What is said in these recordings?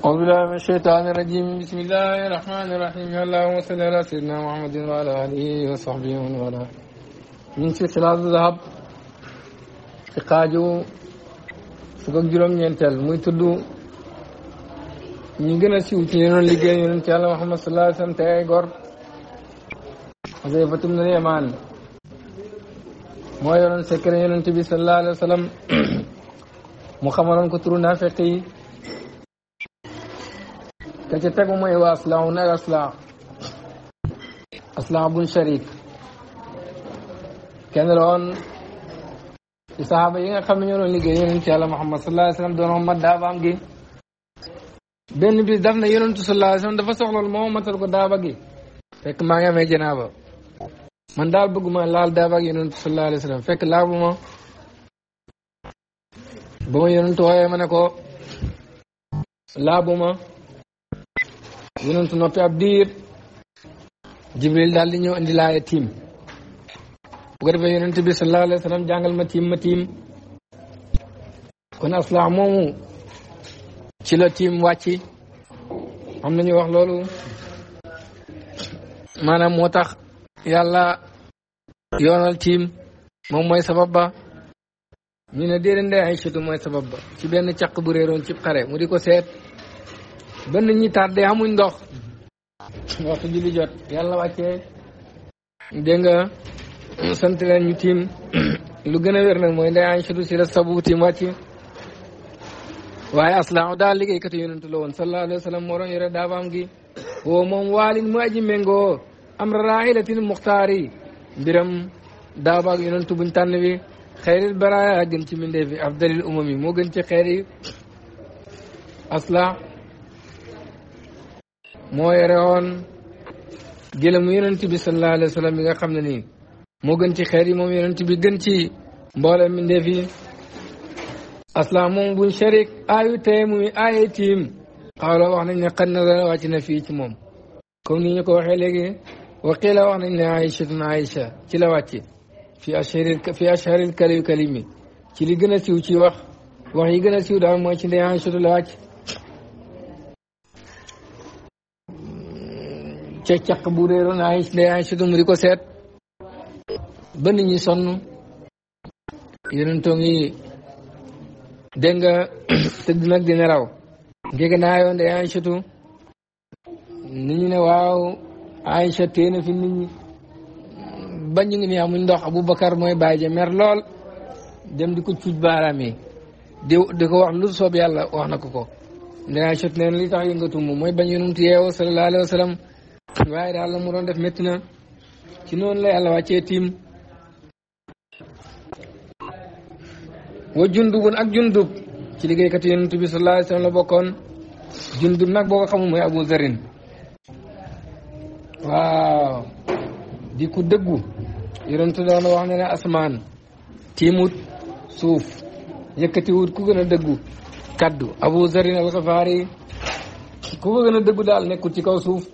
أعوذ بالله من الشيطان الرجيم بسم الله الرحمن الرحيم اللهم صل على سيدنا محمد وعلى آله وصحبه ومن ñu si xilaasu zahab ci xaaju fukk ak gën a siiw ci ñenoon liggéey yonent Yàlla Muhammad sallallahu alayhi ay gor Xuzayfa ibn al-Yamaan moo yoroon secret yonent bi sallallahu alayhi mu xamaloon ko turu te ca tegu mooy waa aslaahu nag aslaah aslaah bun sharik kenn la woon ci saxaaba yi nga xam ne ñoo doon liggéey yonent ci yàlla Muhammad sallallahu alayhi wa sallam doon mat daabaam gi benn bis daf ne yonentu sallallahu alayhi wa sallam dafa soxlool moo matal ko daaba gi fekk maa ngi amee janaaba man daal bëgguma laal daaba ak yonentu sallallahu alayhi wa sallam fekk laabu ma ba ma yonentu wooyee ma ne ko laabu ma yonentu noppi ab diir jibril daal di ñëw indi laaya tiim bu ko defee yonent bi sallallahu alayhi wa jàngal ma tiim ma tiim kon aslaax moomu ci la tiim wàcci am nañu wax loolu maanaam moo tax yàlla yoonal tiim moom mooy sabab ba ñu ne déedéet ndey ay chutu mooy sabab ba ci benn caq bu réeroon cib xare mu di ko seet benn ñi tardé amuñ ndox mm-hmm. waxtu julli jot yàlla wàccee dégg nga sant leen ñu tiim lu gën a wér nag mooy nday Aysatu si la sabu tiim wàcc waaye aslaahu daal liggéeykatu yonent la woon sallallahu alayhi wa gi woo moom waalin mu aji méngoo am raaxilatin muxtaari mbiram daabaak yonentu buñ tànn bi xayril baraaya gën ci mbindeef bi afdalil umam yi moo gën ci xeer yi مويرون رون جيل مو يونتي بي صلى الله عليه وسلم ميغا خامن ني مو گن تي خير مو يونتي بي گن تي مبولم من دي في اسلام بن شريك ايو تيم مي ايتيم قالوا واخنا ني قن واتنا في تي موم كوم ني نكو وخه لغي وقيل واخنا ني عائشه بن عائشه تي لا واتي في اشهر في اشهر الكلم كلمي تي لي گنا تي وخ وخ يي گنا تي دا مو ca caq bu réeroon ay lay ay mu di ko seet ba nit ñi sonn yonentoo ngi dégg nga tëdd nag di nelaw jege naa yoon de ne waaw Aïcha téye fi nit ñi ngi ni amuñ ndox Aboubacar mooy bàyyi ja mer lool dem di ko cuuj baaraam yi di di ko wax lu soob yàlla wax na ko ko. ne Aïchatu ne li tax yëngatu moom mooy bañ yonent yeewoo sallallahu alayhi wa waaye daal la mu doon def metti na ci noonu la yàlla wàccee tiim wa jundubun ak jundub ci liggéeykat yonent bi sallallahu alayhi wasallam la bokkoon jundub nag boo ko xamul mooy abu zarin waaw di ku dëggu yonent doon wax ne ne asmaan tiimut suuf yëkkatiwut ku gën a dëggu kaddu abu zarin al ku gën a dëggu daal nekkul ci kaw suuf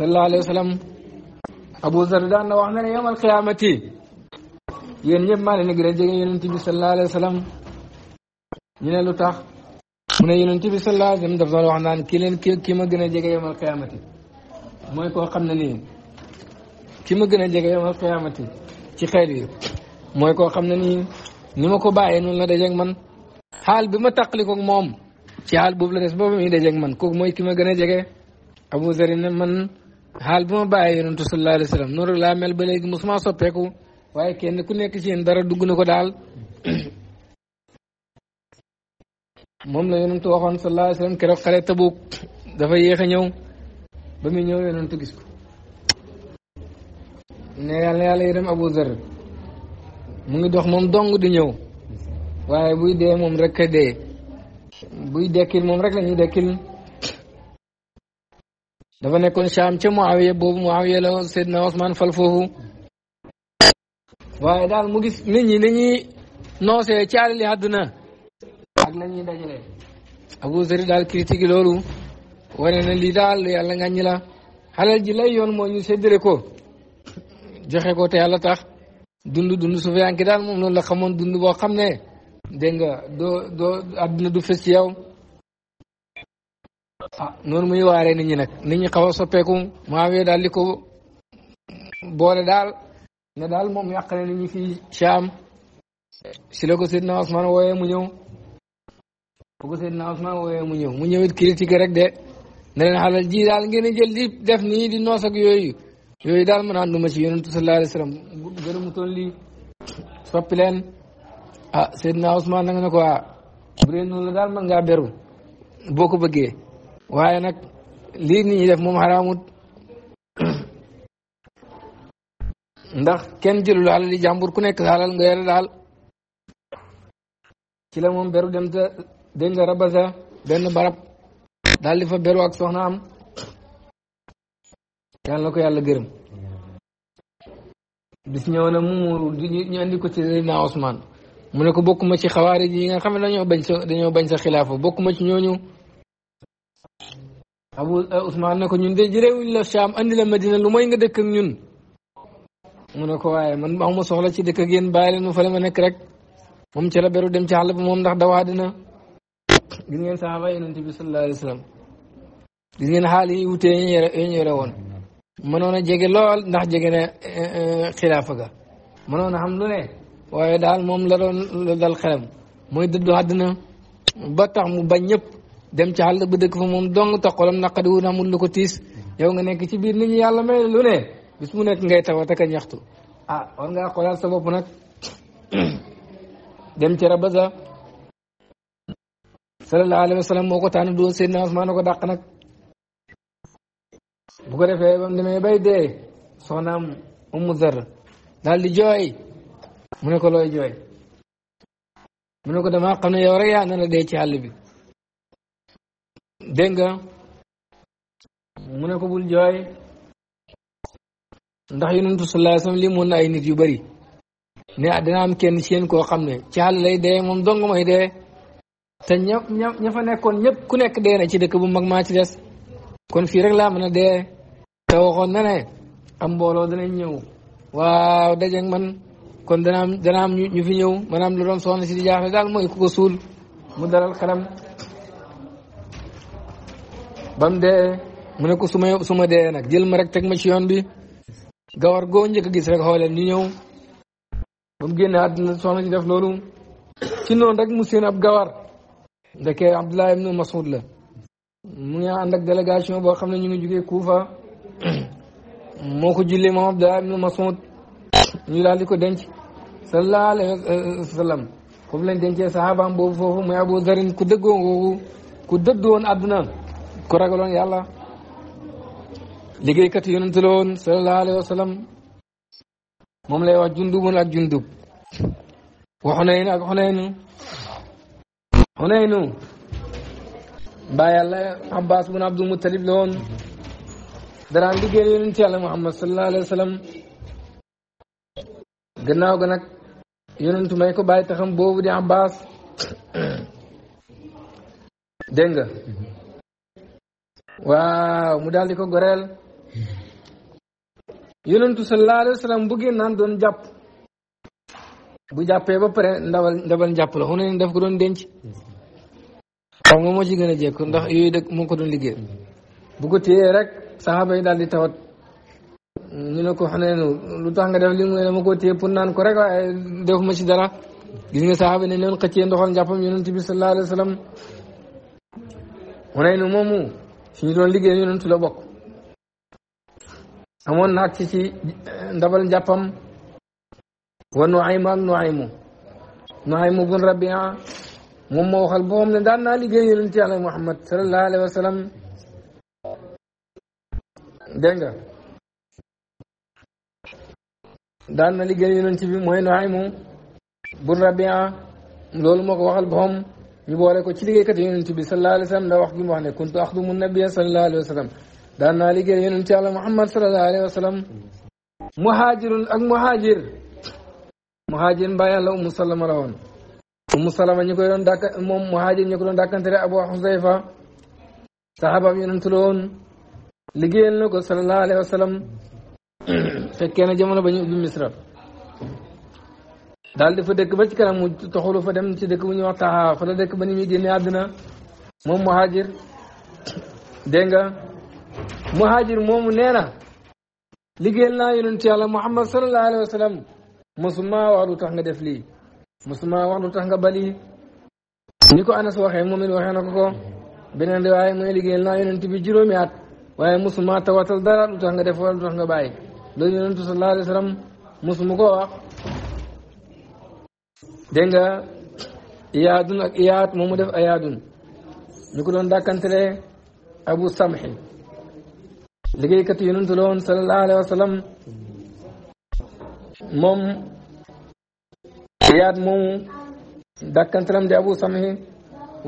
sallallahu alayhi wa sallam Abu Zar daan na wax na ne yawmal qiyaamati yéen ñëpp maa leen gën a jege yonent bi ñu ne lu tax mu ne yonent bi sallallahu alayhi wa sallam daf doon wax naan ki leen ki ki ma gën a jege yawmal qiyaamati mooy ko xam ne nii ki ma gën a jege ci xeet yi mooy ko xam ne nii ni ma ko bàyyee noonu la dajeeg man xaal bi ma taqalikoog moom ci xaal boobu la des boobu muy dajeeg man kooku mooy ki ma gën a jege Abu Zar ne man. xaal bi ma bàyyi yonentu sallallahu alayhi laa mel ba léegi mosuma soppeeku waaye kenn ku nekk ci yéen dara dugg na ko daal moom la yonentu waxoon sallallahu alayhi wa sallam yéex a ñëw ñëw yonentu gis ko ngi dox moom dong di ñëw waaye buy dee moom rek dee buy dekkil moom rek la dekkil dafa nekkoon Sham ca Muawiya boobu Muawiya la Seydina Ousmane fal foofu waaye daal mu gis ñi ni ñuy noosee ci alali àdduna ak daal critique loolu wane na lii daal yàlla ngañ la xalal ji lay yoon moo ñu séddale ko joxe ko te yàlla tax dund dund su feyanki daal moom noonu la xamoon dund boo xam ne dégg nga doo doo àdduna du fës ci yow ah noonu muy waaree nit ñi nag nit ñi xaw a soppeeku Muawiya daal di ko boole daal ne daal moom yàq na nit ñi fii Sham si la ko Seydina Ousmane wooyee mu ñëw bu ko Seydina Ousmane mu ñëw mu ñëwit critique rek de ne xalal ji daal ngeen a jël di def nii di noos yooyu yooyu daal ma naan duma ci yonentu sallallahu alayhi a soppi leen ah Seydina Ousmane na nga ne ko ah bu noonu la daal mën ngaa beru boo ko bëggee waaye nag lii nit ñi def moom xaraamut ndax kenn jëlul alal di jàmbur ku nekk sa alal nga yore daal ci la moom beru dem ta dégg nga rabasa benn barab daal di fa beru ak soxna am yàlla na ko yàlla gërëm bis ñëw na mu muuru ñu andi ko ci Seydina Ousmane mu ne ko bokk ma ci xawaari yi nga xam ne dañoo bañ sa dañoo bañ sa bokkuma ci ñooñu abu Ousmane eh, na ko ñun de jërewuñ la Cham andi la Medina lu mooy nga dëkk ak ñun mu ne ko waaye man amu ma soxla ci dëkk ak yéen bàyyi leen ma ma nekk rek moom ca la beru dem ci àll ba moom ndax dawaa dina gis ngeen saxaaba yonent bi sallallahu alayhi wa sallam gis ngeen xaal yi wutee yéen yore woon mënoon a jege lool ndax jege na eh, eh, xilaafa ga mënoon a xam lu ne waaye daal moom la doon dal xelam mooy dëddu àddina ba tax mu bañ ñëpp dem ci àll ba dëkk fa moom dong toqalam naqadi wun amul lu ko tiis yow nga nekk ci biir ni ñi yàlla may lu ne bis mu nekk ngay tawa taka ñaxtu ah war ngaa xoolaat sa bopp nag dem ci rabaza sallallahu alayhi wa sallam moo ko tànn doon Seydina na ko dàq nag bu ko defee mu demee bay dee soxnaam Umu Zar daal di jooy mu ne ko looy jooy mu ne ko damaa xam ne yow rek na dee ci àll bi dégg nga mu ne ko bul jooy ndax yonentu sallallahu alayhi wasallam li moon na ay nit yu bari ne dina am kenn ci yéen koo xam ne ci xàll lay dee moom dong mooy dee te ña ña ña fa nekkoon ñëpp ku nekk dee na ci dëkk bu mag maa ci des kon fii rek laa mën a dee te waxoon na ne am mbooloo danañ ñëw waaw dajeeg man kon dana am dana am ñu fi ñëw maanaam lu doon soxna si di jaaxle daal mooy ku ko suul mu dalal xalam ba mu dee mu ne ko su ma su ma dee nag jël ma rek teg ma ci yoon bi gawar goo njëkk a gis rek xooleen ñu ñëw ba mu génne àddina soxna ci def loolu ci noonu rek mu seen ab gawar ndeke Abdullah ibnu Mas'ud la mu ngi ànd ak délégation boo xam ne ñu ngi jógee Kuufa moo ko julli moom Abdullah ibnu Mas'ud ñu daal di ko denc sallallahu alayhi wa sallam foofu lañ dencee saxaabaam boobu foofu muy Abu Zarin ku dëggoo ku dëddu woon àdduna ku ragaloon yàlla liggéeykat yonent la woon sallallahu alayhi wa sallam moom lay wax jundubun ak jundub wa xuneyn ak xuneynu xuneynu mbaa yàlla abbas bun abdul mutalib la woon daraan liggéey yonent yàlla muhammad sallallahu alayhi wa sallam gannaaw ga nag yonentu may ko bàyyi taxam boobu di abbas dégg nga waaw mu daal di ko goreel yonentu sallallahu alayhi wa sallam bu génnaan doon jàpp bu jàppee ba pare ndawal ndawal njàpp la xuna ne def ko doon denc xaw moo ci gën a jekku ndax yooyu moo ko doon liggéey bu ko téyee rek saxaaba yi daal di tawat ñu ne ko xam ne lu tax nga def li mu ne dama ko téye pour naan ko rek def ma ci dara gis nga saxaaba ne leen xëccee ndoxal njàppam yonent bi sallallahu alayhi wa sallam xunay nu moomu ci ñu doon liggéey yonentu la bokk amoon naag ci ci eh, ndabal njàppam wa Nuaym ak Nuaymu Nuaymu bun Rabia moom moo waxal boppam daan naa liggéey yonent yàlla Muhammad sallallahu alayhi wa na liggéey yonent bun Rabia loolu moo ko waxal boppam ñu boole ko ci liggéeykat yonent bi sallallahu alayhi wa sallam ndax wax gi wax ne kuntu axdumu nabiyya sallallahu alayhi wa sallam daan naa liggéey yonent yàlla Muhammad sallallahu alayhi wa sallam muhaajirun ak muhaajir muhaajir mbaa yàlla umu salama la woon umu salama ñu koy doon dàkk moom muhaajir ñu ko doon dàkkantere abu xusayfa saxabaam yonent la woon liggéeyal na ko sallallahu alayhi wa sallam fekkee ba ñu ubbi misra daal di fa dëkk ba ci kanam mu toxalu fa dem ci dekk bu ñuy wax taxaa fa la dëkk ba ni muy génne àdduna moom muhaajir dégg nga muhaajir moomu nee na liggéeyal naa yonent yàlla muhammad sallallahu alayhi wa sallam mosuma wax lu tax nga def lii mosuma wax lu tax nga bali ni ko anas waxee moom it waxee na ko ko beneen waaye mooy liggéeyal naa yonent bi juróomi at waaye mosuma tawatal dara lu tax nga def wala lu tax nga bàyyi loolu yonentu sallallahu alayhi wa sallam mosuma koo dégg nga iyaadun ak iyaat moom mu def ayaadun ñu ko doon dàkkantele abu samhi liggéeykat yonentu la woon sallallahu alayhi wa sallam moom iyaat moomu dàkkantelam di abu samhi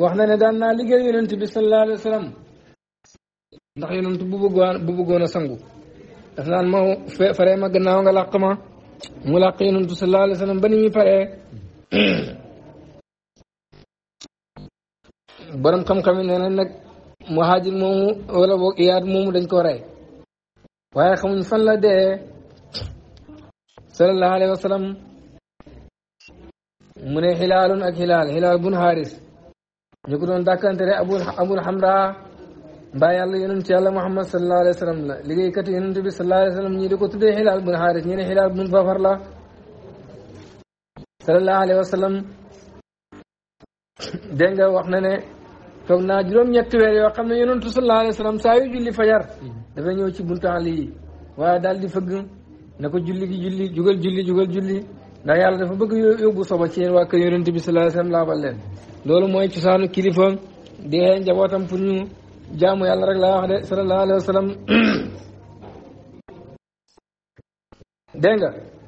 wax na ne daan naa liggéey yonent bi sallallahu alayhi wa sallam ndax yonent bu bëggoon bu bëggoon a sangu daf naan ma faree ma gannaaw nga làq ma mu làq yonentu sallallahu alayhi wa sallam ba ni muy paree borom xam-xam yi nee na nag muhaajir moomu wala boog iyaat moomu dañ ko rey waaye xamuñ fan la dee sallallahu alayhi wa sallam mu ne xilaalun ak xilaal xilaal bun xaaris ñu ko doon dàkkantere abul abul hamra mbaa yàlla yonent yàlla muhammad sallallahu alayhi wa sallam la liggéeykat yonent bi sallallahu di ko tuddee xilaal bun xaaris ñi ne xilaal bun fafar la sallallahu alayhi wa sallam dégg wax na ne toog naa juróom-ñetti weer yoo xam ne yonentu sallallahu alayhi wa saa yu julli fajar dafay ñëw ci buntu àll yi waaye daal di fëgg na ko julli gi julli jugal julli ndax yàlla dafa bëgg yóbbu soba ci yéen waa kër yonent bi sallallahu alayhi wa sallam laabal leen loolu mooy cosaanu kilifa di xëy njabootam pour ñu jaamu yàlla rek laa wax de sallallahu alayhi wa sallam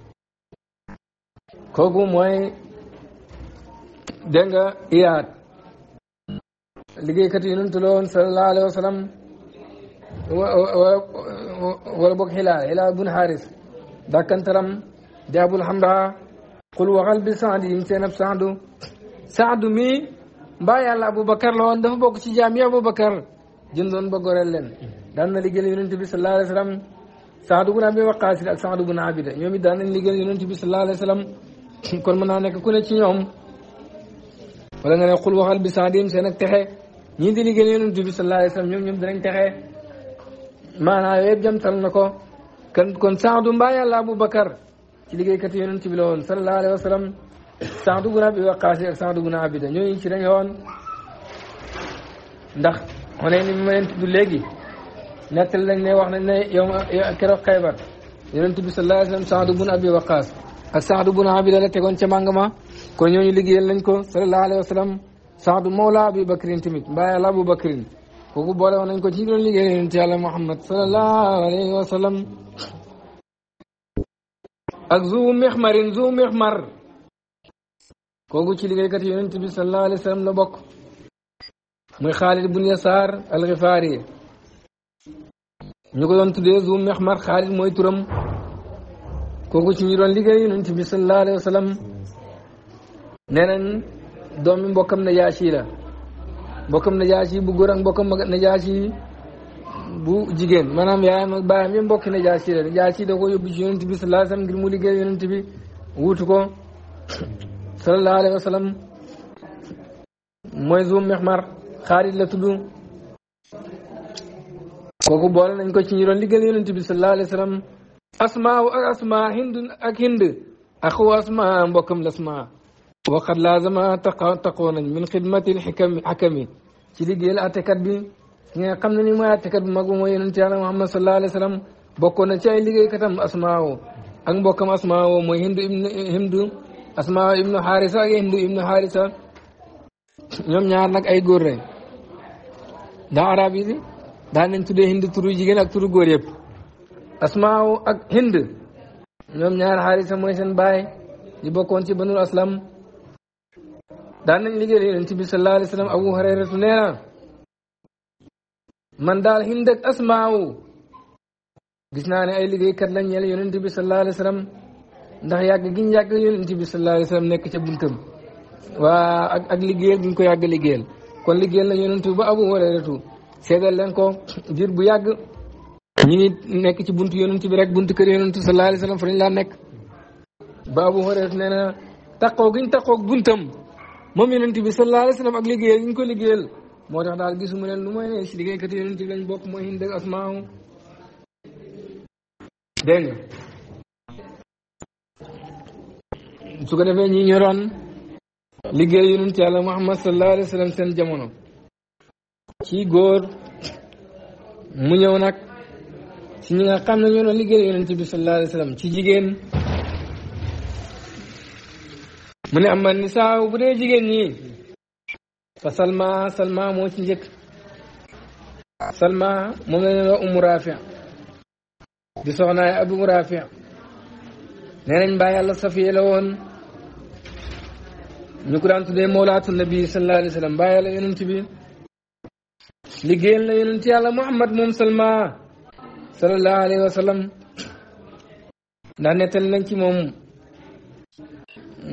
kooku mooy dégg nga iyaat liggéeykat yi nuntu loon sallallahu alayhi wa sallam wala boog xilaal xilaal bun xaaris dàkkantaram di abul hamdaa qul waxal bi saad yim seen ab saadu saadu mi mbaa yàlla aboubacar la woon dafa bokk ci jaam yi aboubacar jëndoon ba goreel leen daan na liggéeyal yonent bi sallallahu alayhi wa sallam saadu bun abi waqaasin ak saadu bun abida ñoom it daan nañ liggéeyal yonent bi sallallahu alayhi kon mën naa nekk ku ne ci ñoom wala nga ne xul waxal bi saadim seen ak texe ñii di liggéey yonent bi sallallahu alayhi wa sallam ñoom ñoom dinañ texe maanaam yëpp na ko kon kon saadu mbaa yàlla Abu Bakar ci liggéeykat yonent bi la woon sallallahu alayhi wa sallam saadu bun abi waqaas ak bun abi da ñooñu ci dañu woon ndax xone ni léegi nettal nañ wax nañ ne yow keroog Xaybar yonent bi sallallahu alayhi wa sallam saadu bun abi waqaas ak saadu bun abida la tegoon ca màngama kon ñooñu liggéeyal nañ ko saadu mawla abi bakrin tamit mbaa yàlla abu bakrin kooku boole woon ko ci ñu doon liggéeyal yonent yàlla muhammad sallallahu alayhi wa sallam ak zu mixmarin zu mixmar kooku ci liggéeykat yonent bi sallallahu alayhi wa sallam la bokk muy xaalid bun yasaar alxifaari ñu ko doon tuddee zu mixmar xaalid mooy turam kooku ci ñu doon liggéey yonent bi sallallahu alayhi wa sallam nee nañ doomi mbokkam na la mbokkam na bu góor ak mbokkam bu jigéen maanaam yaayam ak baayam yëpp mbokki na la na Yaashi ko yóbbu ci yonent bi sallallahu alayhi wa ngir mu liggéey yonent bi wuutu ko sallallahu alayhi wa sallam mooy Zuum Mexmar Xaalid la tudd kooku nañ ko ci ñu doon liggéey yonent bi sallallahu alayhi wa asmaahu ak asmaa hind ak hind axu asmaa mbokkam lasmaa waxat laazama taqa taqoo nañ min xidmatil xikami xakami ci liggéeyal attekat bi ki nga xam ne ni mooy attekat bu mag bu mooy yonente yàlla Muhammad sallallahu alayhi wa sallam bokkoon na ci ay liggéeykatam asmaawo ak mbokkam asmaawo mooy hindu ibnu hindu asmaawo ibnu xaarisa ak hindu ibnu xaarisa ñoom ñaar nag ay góor lañ ndax arab yi daan nañ tuddee hindu turu jigéen ak turu góor yëpp asmaaw ak hind ñoom ñaar xaarisa mooy seen baay ñu bokkoon ci banul aslam daan nañ liggéey yonent bi sallallahu alayhi wa sallam abu hurayratu nee na man daal hind ak asmaaw gis naa ne ay liggéeykat lañ ñeel yonent bi sallallahu alayhi wa ndax yàgg giñ yàgg yonent bi sallallahu alayhi wa nekk ca buntam waa ak ak liggéeyal koy ko yàgg liggéeyal kon liggéeyal na yonent ba abu hurayratu seedal leen ko diir ñu ngi nekk ci bunt yonent bi rek buntu kër yonent sallallahu alayhi wasallam fa lañ laa nekk baabu Hurayra nee na taqoo giñ taqoo buntam moom yonent bi sallallahu alayhi wasallam ak liggéeyal yi ñu ko liggéeyal moo tax daal gisuma leen lu may ne si liggéeykat yonent bi lañ bokk mooy Hind ak Asmaa dégg nga su ko defee ñi ñoroon liggéey yonent yàlla Muhammad sallallahu alayhi wasallam seen jamono ci góor mu ñëw nag si ñi nga xam ne ñoo doon liggéey yonent bi sallallahu alayhi wa sallam ci jigéen mu ne amma nisaaw bu dee jigéen ñi fa salma salma moo ci njëkk salma moom la ñuy wax umu rafia di soxnaay abu rafia nee nañ mbaa yàlla safiya la ñu ko daan tuddee mawlaatu nabi sallallahu alayhi wa sallam mbaa yàlla yonent bi liggéeyal na yonent yàlla muhammad salma sallallahu alayhi wa sallam ndax nettali nañ ci moom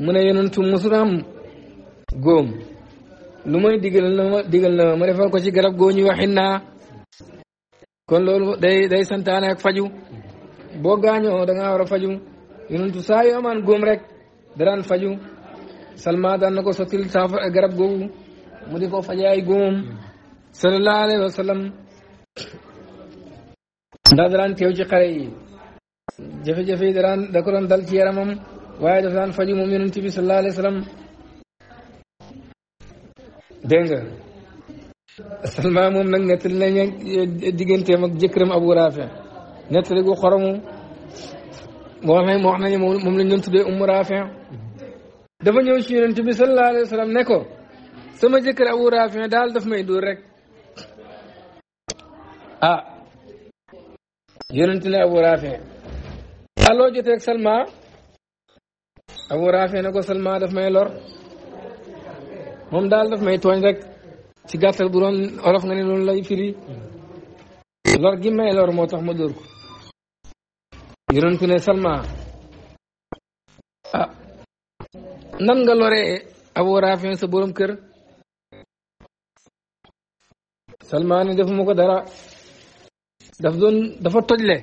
mu ne yonentu musul am góom lu may digal na ma ko ci garab goo ñuy waxin naa kon loolu day day santaane ak faju boo gaañoo da ngaa faju yonentu saa yu amaan góom rek daraan faju salma daan na ko sottil saafara garab googu mu di ko fajaay góomam sallallahu alayhi wa ndax daraan teew ci xare yi jafe-jafe yi daraan da ko doon dal ci yaramam waaye dafa daan faju moom yonent bi sallallahu alayhi wa sallam dégg nga Salma moom nag nettali nañ digganteem ak jëkkëram Abu Raafi nettali gu xoromu moo wax ne moo wax nañu moom lañ doon tuddee Ummu Raafi dafa ñëw ci yonent bi sallallahu alayhi wa sallam ne ko sama jëkkër Abu Raafi daal daf may dóor rek ah yonent la Abu Rafi aloo jotee ak Salma Abu Rafi na ko Salma daf may lor moom daal daf may tooñ rek ci gàttal bu olof nga ne loolu lay firi lor gi may lor moo tax ma dóor ko Salma ah nan nga loree Abu Rafi sa borom kër Salma ne defuma ko dara daf doon dafa toj le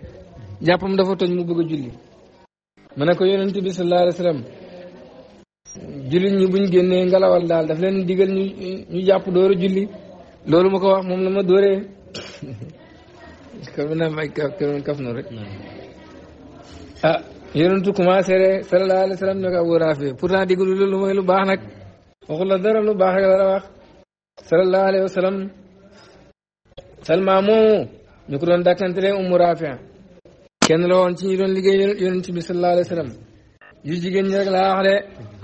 jàppam dafa toj mu bëgg julli ma ne ko yonent bi sallallahu alayhi wa sallam jullit ñi buñ génnee ngelawal daal daf leen digal ñu ñu jàpp door a julli loolu ma ko wax moom la ma dóoree comme naa may kaf kaf na rek ah yonentu commencé re sallallahu alayhi wa sallam ne ko Abu Rafi pourtant loolu mooy lu baax nag waxu la dara lu baax rek la wax sallallahu alayhi نكرون داكن تري أم رافع كن لو أنت يرون لقي يرون تبي صلى الله عليه وسلم يجي كن يرجع لآخرة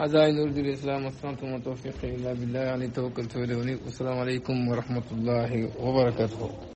هذا نور دير الإسلام والسلام ثم توفيق إلا بالله علي توكل توليوني والسلام عليكم ورحمة الله وبركاته